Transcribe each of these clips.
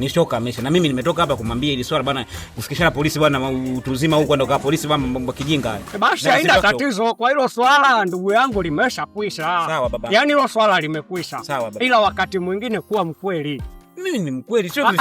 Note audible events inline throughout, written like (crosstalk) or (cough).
nishoka amesha. Na mimi nimetoka hapa kumwambia hili swala bwana, kufikishana polisi bwana, utuzima huko huu kwa polisi bwana, mambo kijinga haya. Eh, basi haina tatizo kwa hilo swala, ndugu yangu, limeshakwisha. Sawa baba, yani hilo swala limekwisha. Sawa baba, ila wakati mwingine kuwa mkweli mimi ni mkweli, sio ah,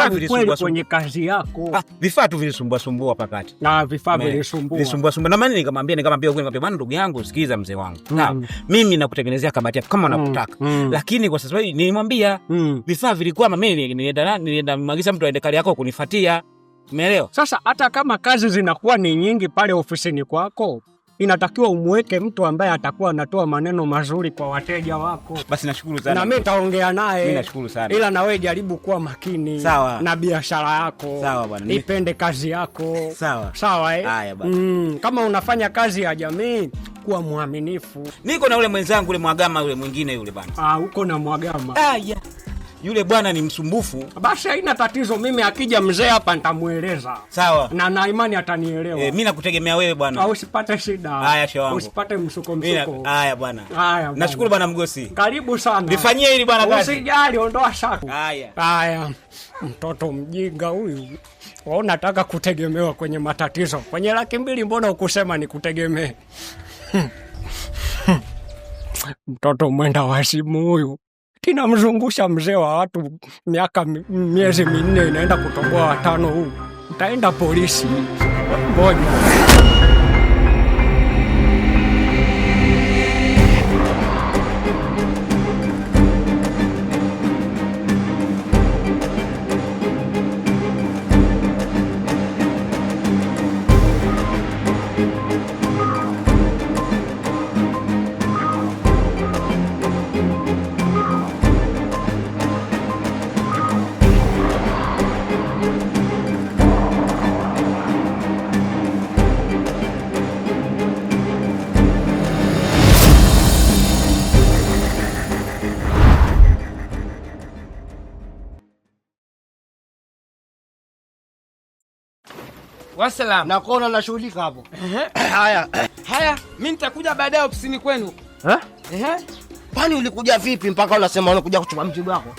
ah, kwenye kazi yako. Ah, vifaa tu vilisumbua sumbua pakati na vifaa vilisumbua vilisumbua sumbua, na maana nikamwambia, nikamwambia kweli, nikamwambia bwana, ndugu yangu, sikiza mzee wangu, mm. na mimi nakutengenezea kabati yako kama mm, unakutaka, mm. lakini kwa sasa hivi nilimwambia vifaa vilikuwa, mimi nilienda nilienda magiza mtu aende kali yako kunifuatia, umeelewa? Sasa hata kama kazi zinakuwa ni nyingi pale ofisini kwako inatakiwa umweke mtu ambaye atakuwa anatoa maneno mazuri kwa wateja wako. Basi nashukuru sana. Na mimi nitaongea naye. nashukuru sana. Ila na wewe jaribu kuwa makini Sawa. na biashara yako. Sawa bwana. Ipende kazi yako. Sawa. Sawa eh? Aya, Mm, kama unafanya kazi ya jamii kuwa mwaminifu. Niko na ule mwenzangu ule Mwagama ule mwingine yule bwana. Ah, uko na Mwagama. Ah, yule bwana ni msumbufu. Basi haina tatizo, mimi akija mzee hapa nitamueleza. Sawa, na na imani atanielewa. E, eh, mimi nakutegemea wewe bwana. Au usipate shida. Haya wangu. Usipate msuko msuko. Haya bwana. Haya. Nashukuru bwana mgosi. Karibu sana. Nifanyie hili bwana kazi. Usijali, ondoa shaka. Haya. Haya. Mtoto mjinga huyu. Wao nataka kutegemewa kwenye matatizo. Kwenye laki mbili mbona ukusema nikutegemee? (laughs) Mtoto mwenda wazimu huyu kinamzungusha mzee wa watu miaka miezi minne, inaenda kutoboa watano, huu utaenda polisi moja. Wasalam. Na kuona unashughulika hapo. (coughs) Haya. Haya, mimi nitakuja baadaye ofisini kwenu. Eh? Eh? Kwani ulikuja vipi mpaka unasema unakuja kuchukua mzigo wako?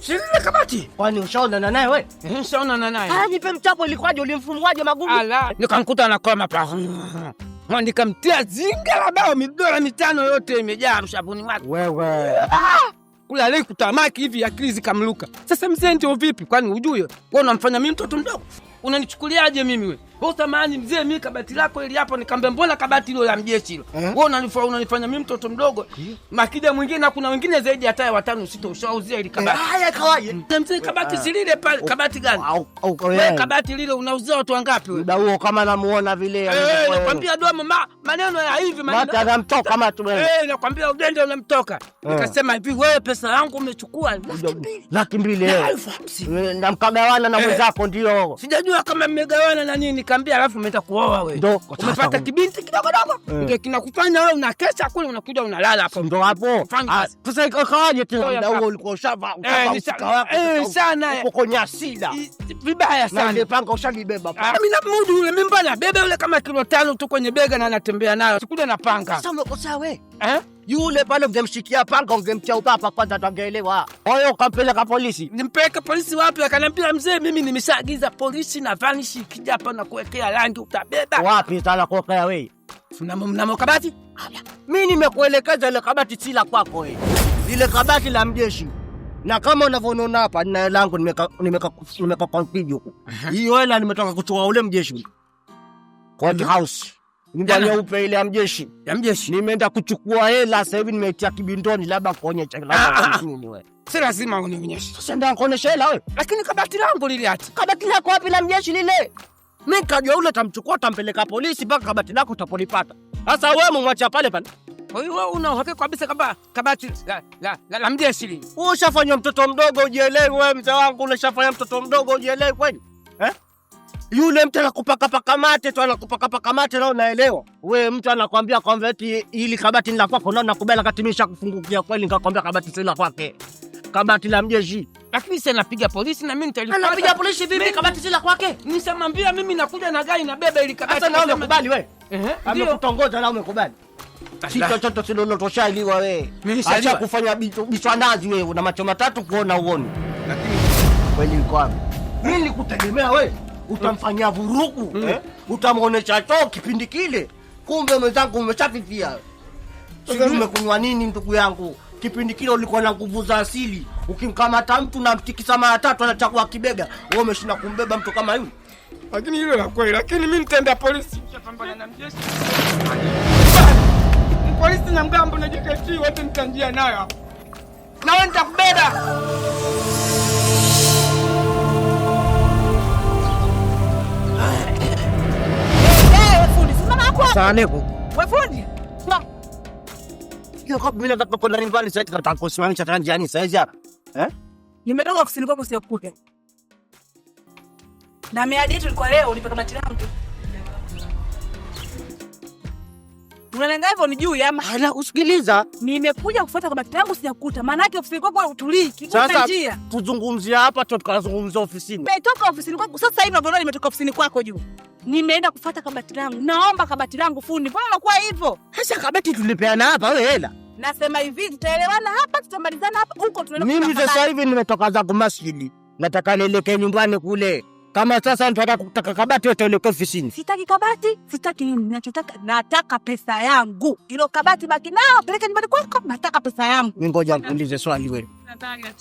Si ile kabati. Kwani na naye wewe? Eh, na naye. Ah, nipe mchapo ilikwaje ulimfumuaje magugu? Ala. Nikamkuta anakoma pa. mtia zinga la bao midora mitano yote imejaa mshabuni wake. Wewe. Ah! Kula leo kutamaki hivi akili zikamluka. Sasa mzee ndio vipi? Kwani hujui? Wewe unamfanya mimi mtoto mdogo? unanichukuliaje mimi we? wewe samahani mzee, mimi kabati lako ili hapo. nikambe mbona kabati hilo la mjeshi hilo eh? wewe uh-huh. unanifanya unanifanya mimi mtoto mdogo yeah. makija mwingine na kuna wengine zaidi hata ya watano sita ushauzia ili kabati eh. haya eh, kawaje mm. mzee kabati silile ah. pale kabati gani wewe kabati lile unauzia watu wangapi wewe muda huo kama namuona vile eh nakwambia domo ma, maneno ya hivi maneno mata anamtoka kama tu eh nakwambia udende unamtoka eh. nikasema hivi wewe pesa yangu umechukua laki mbili laki mbili na mkagawana na mwenzako ndio sijajua kama mmegawana na nini nikaambia, alafu umeenda kuoa wewe, Ndio. umepata kibinti kidogo dogo eh. ndio kinakufanya wewe una kesha kule, unakuja unalala hapo, Ndio hapo ah, sasa. Ikawaje tena muda huo ulikuwa ushava Eh, sana eh, uko nyasida vibaya sana, Na ningepanga ushalibeba ah, Mimi na mudu yule mimba na bebe yule kama kilo tano tu kwenye bega na anatembea nayo, sikuja na panga. Sasa umekosa wewe eh yule pale ungemshikia panga ungemtia upapa kwanza, tangeelewa. Kwa hiyo ukampeleka polisi. Nimpeleke polisi wapi? Akaniambia mzee, mimi nimeshaagiza polisi na vanishi ikija hapa na kuwekea rangi utabeba. Wapi tala kuwekea wewe? Mnamo mnamo kabati? Mimi nimekuelekeza ile kabati si la kwako wewe. Ile kabati la mjeshi. Na kama unavyoniona hapa nina hela nimeka nimeka nimeka kwa mpigo. Hiyo hela nimetoka kutoa ule mjeshi. Kwa house nyumba nyeupe ile ya mjeshi ya mjeshi, nimeenda kuchukua hela sasa hivi, nimeitia kibindoni, labda kuonyesha ah, ah. wewe. Si lazima unionyeshe. Sasa ndio kuonyesha hela wewe, lakini kabati langu lile ati kabati lako wapi la mjeshi lile? Mimi kajua ule tamchukua tampeleka polisi, mpaka kabati lako utapolipata. Sasa wewe mumwacha pale pale. Kwa hiyo wewe una uhakika kabisa kwamba kabati la, la, la, la mjeshi lile? Wewe ushafanya mtoto mdogo ujielewi wewe, mzee wangu, ushafanya mtoto mdogo ujielewi kweli eh? Yule mtu anakupakapaka mate tu, anakupakapaka mate na unaelewa wewe. Mtu anakwambia kwamba eti hili kabati ni la kwako, na nakubali kati mimi shakufungukia kweli, nikakwambia kabati si la kwake, kabati la mjeshi. Lakini sasa napiga polisi na mimi nitalipa. Anapiga polisi vipi? Kabati si la kwake. Nisamwambia mimi nakuja na gari na beba ili kabati. Sasa na wewe unakubali wewe? Ehe. Amekutongoza na umekubali. Si chochote si lolote ushailiwa wewe. Acha kufanya biswanazi wewe, una macho matatu kuona uone. Lakini kweli uko wapi? Mimi nikutegemea wewe utamfanyia vurugu mm. eh? utamwonesha choo kipindi kile. Kumbe mwenzangu, umeshafifia sijui umekunywa nini, ndugu yangu. Kipindi kile ulikuwa na nguvu za asili, ukimkamata mtu na mtikisa mara tatu anachagua kibega, we umeshinda kumbeba mtu kama yule. Lakini hilo la kweli, lakini mi nitaenda polisi, polisi na mgambo na wote nitanjia nayo, nawe nitakubeba. Sasali ko. Uy, fundi! Kiko binataka ko na rin bali sasa tunataka kusimama cha tanja ni sasa. Eh? Nimetoka ofisini kwako sio kuja. Na miadi yetu ilikuwa leo unipe kama tiramu tu. Unalenga hivyo ni juu ya mahala usikiliza. Nimekuja kufuata kwa bati yangu sijakuta. Maana yake ofisini kwako utulii kikuta njia. Sasa tuzungumzia hapa tukazungumzia ofisini. Nimetoka ofisini kwako sasa hivi unaona nimetoka ofisini kwako juu. Nimeenda kufata kabati langu, naomba kabati langu fundi. Mbona unakuwa hivyo? Hasa kabati tulipeana hapa, wewe hela. Nasema hivi, tutaelewana hapa, tutamalizana hapa, huko tunaenda. Mimi sasa hivi nimetoka za masjidi, nataka nielekee nyumbani kule. Kama sasa nitaka kutaka kabati, utaelekea ofisini. Sitaki kabati, sitaki nini. Ninachotaka, nataka pesa yangu. ilo kabati baki nao, peleke nyumbani kwako. Nataka pesa yangu. Mimi ngoja nikuulize swali wewe. Nataka,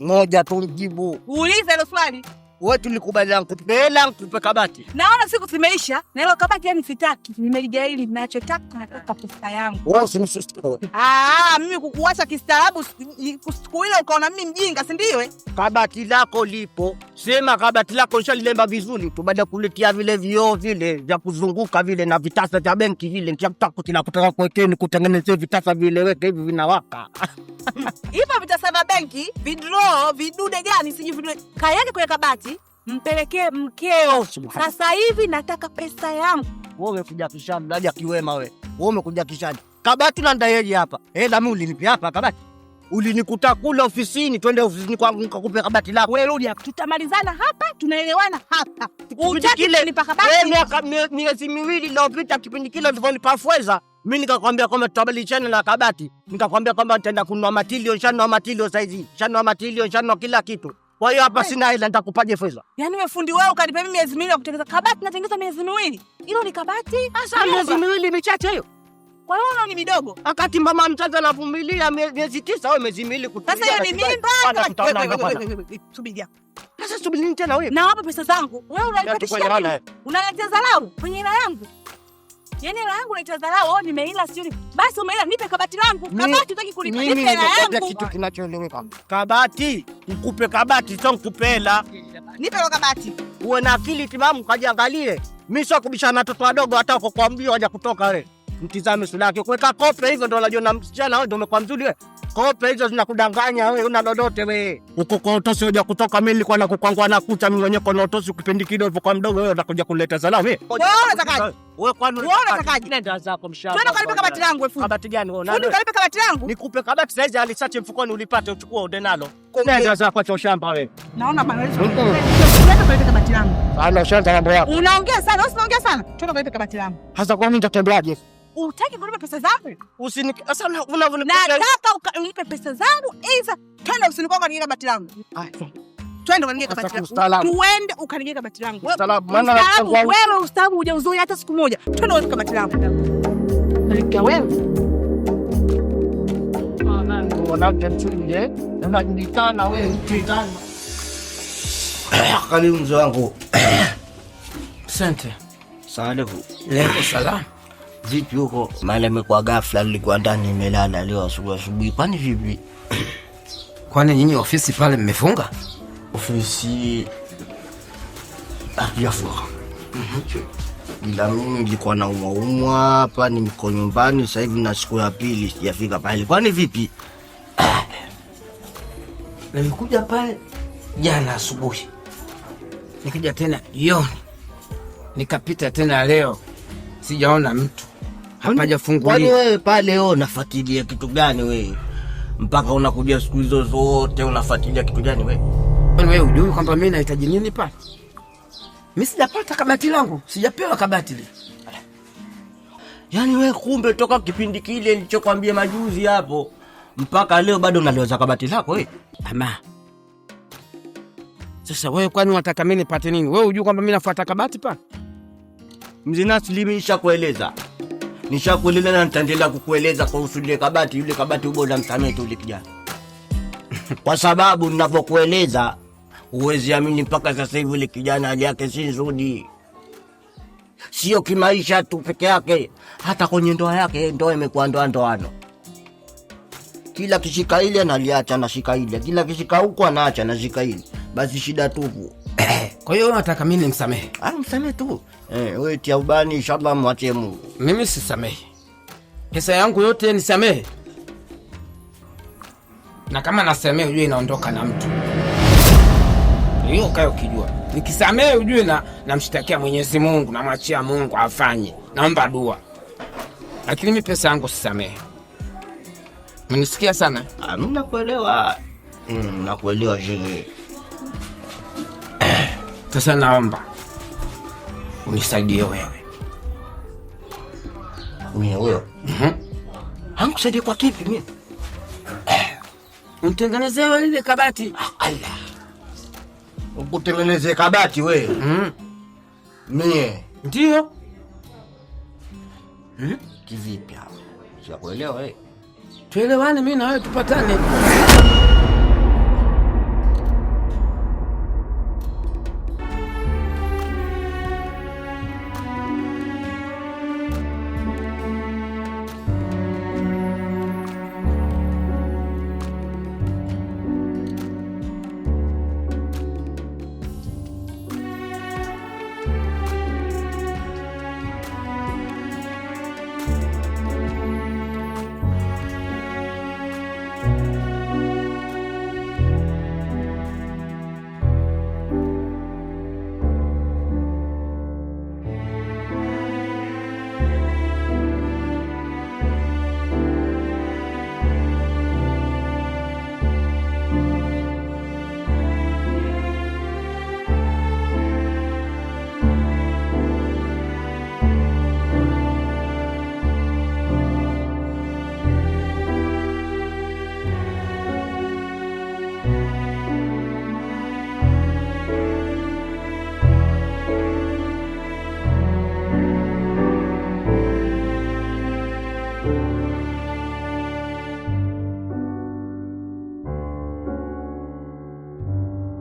moja tu mjibu. Uulize hilo swali wewe tulikubaliana kutupe hela tupe kabati. Naona siku zimeisha na hilo kabati, yani sitaki, nimeligaili. Ninachotaka nataka pesa yangu. Wewe msusta wewe. Ah, mimi kukuacha kistaarabu siku ile ukaona mimi mjinga, si ndio? Kabati lako lipo, sema kabati lako nishalilemba vizuri tu, baada kuletea vile vioo vile vya kuzunguka vile na vitasa vya benki vile, nakutaka kuwekea nikutengenezee vitasa vile, weke hivi vinawaka hivyo vitasa vya benki, vidro, vidude gani sijui, vidude kayake kwenye kabati mpelekee mkeo sasa hivi, nataka pesa yangu. Wewe umekuja kishani, laja kiwema wewe. Wewe umekuja kishani, kabati na ndayeji hapa eh, dami ulinipi hapa kabati ulinikuta kule ofisini, twende ofisini kwangu nikakupe kabati lako. Wewe rudi hapa, tutamalizana hapa, tunaelewana hapa. kabati wewe? Eh, miaka miezi miwili iliyopita, kipindi kile ulivyonipa fedha mimi nikakwambia kwamba tutabadilishana na kabati, nikakwambia kwamba nitaenda kununua matilio, shanunua matilio saizi, shanunua matilio, shanunua kila kitu kwa hiyo hapa sina hela, nitakupaje fedha? Yaani wewe fundi wewe ukanipa mimi miezi miwili ya kutengeneza kabati, na tengeneza miezi miwili. Hilo ni kabati? Asa miezi miwili michache hiyo. Kwa hiyo unaona ni midogo. Akati mama mzazi anavumilia miezi tisa au miezi miwili kutumia. Sasa hiyo ni mimba. Subiria. Sasa subiri tena wewe. Na hapa pesa zangu. Wewe unanipatia. Unaleta dharau kwenye hela yangu. Yaani hela yangu naitadharau. Oh, nimeila sijui. Basi umeila, nipe kabati langu. Kabati utaki kulipa. Nipe hela yangu. Kitu kinachoeleweka. Kabati, nikupe kabati sio nikupe hela. Nipe hilo kabati. Uwe na akili timamu kajiangalie. Mimi sio kubishana na watoto wadogo hata uko kwa mbio haja kutoka wewe. Mtizame sulaki. Kuweka kope hivyo ndio unajua na msichana wewe ndio umekuwa mzuri wewe kope hizo zinakudanganya wewe, una lolote wewe. Uko kwa utosi hoja kutoka, mimi nilikuwa nakukwangwa na kucha mimi mwenyewe kwa utosi kipindi kidogo hivyo kwa mdogo wewe, unakuja kuleta salamu wewe. Wewe zakaji. Wewe kwa nini? Wewe zakaji. Nenda zako mshamba. Twende kalipe kabati langu wewe. Kabati gani wewe? Fundi kalipe kabati langu. Nikupe kabati saizi alisache mfukoni ulipate uchukue uende nalo. Nenda zako kwa shamba wewe. Naona bana wewe. Twende kalipe kabati langu. Ana shamba mambo yako. Unaongea sana, usiongee sana. Twende kalipe kabati langu. Hasa kwa nini utatembeaje? Utaki kunipa pesa zangu? Usini Sasa unavunipa. Nataka unipe pesa zangu iza twende usinike ukanigeka kabati langu. Twende ukanigeka kabati langu. Twende ukanigeka kabati langu. Wewe ustaabu hujauzuri hata siku moja. Twende ukanigeka kabati langu. Nalika wewe. Eh, karibu mzee wangu. Asante. Salamu alaykum. Wa vipi huko? Maana imekuwa ghafla, nilikuwa ndani imelala leo asubuhi asubuhi. Kwani vipi? Kwani nyinyi ofisi pale mmefunga? Ofisi hatujafunga. Mhm. Ila mimi nilikuwa naumwa umwa hapa, niko nyumbani sasa hivi na siku ya pili sijafika pale. Kwani vipi? (clears throat) Nilikuja pale jana asubuhi, nikija tena jioni, nikapita tena leo, sijaona mtu hapajafunguliwa. Kwani wewe pale wewe unafuatilia kitu gani wewe? Mpaka unakuja siku hizo zote unafuatilia kitu gani wewe? Kwani wewe hujui kwamba mimi nahitaji nini pale? Mimi sijapata kabati langu, sijapewa kabati lile. Yaani wewe kumbe toka kipindi kile nilichokwambia majuzi hapo mpaka leo bado unaliweza kabati lako wewe. Ama. Sasa wewe kwani unataka mimi nipate nini? Wewe hujui kwamba mimi nafuata kabati pale? Mzinasi limeisha kueleza nishakulile na nitaendelea kukueleza kuhusu ile kabati. Yule kabati na msamete ule kijana (laughs) kwa sababu ninavyokueleza huwezi amini, mpaka sasa hivi ule kijana hali yake si nzuri, sio kimaisha tu peke yake, hata kwenye ndoa yake. Ndoa imekuwa ndoa ndoano, kila kishika ile analiacha nashika ile, kila kishika huko anaacha nashika ile, basi shida tupu kwa hiyo nataka mimi nimsamehe? Ah, msamehe tu eh, wewe tia ubani inshallah, mwachie Mungu. Mimi sisamehe, pesa yangu yote nisamehe, na kama nasamehe ujue inaondoka na mtu hiyo kae ukijua, nikisamehe ujue na namshtakia Mwenyezi Mungu, namwachia Mungu afanye, naomba dua, lakini mi pesa yangu sisamehe. Mnisikia sana? Ah, mimi nakuelewa, Mm, nakuelewa. Sasa naomba unisaidie wewe. Mimi wewe? Mhm. saidie kwa kipi mimi? Eh, Unitengenezee ile kabati. Allah. Ukutengenezee kabati wewe. Mhm. Mie. Ndio. Mhm. Kivipi hapo? Sikuelewa wewe. Tuelewane mimi na wewe tupatane.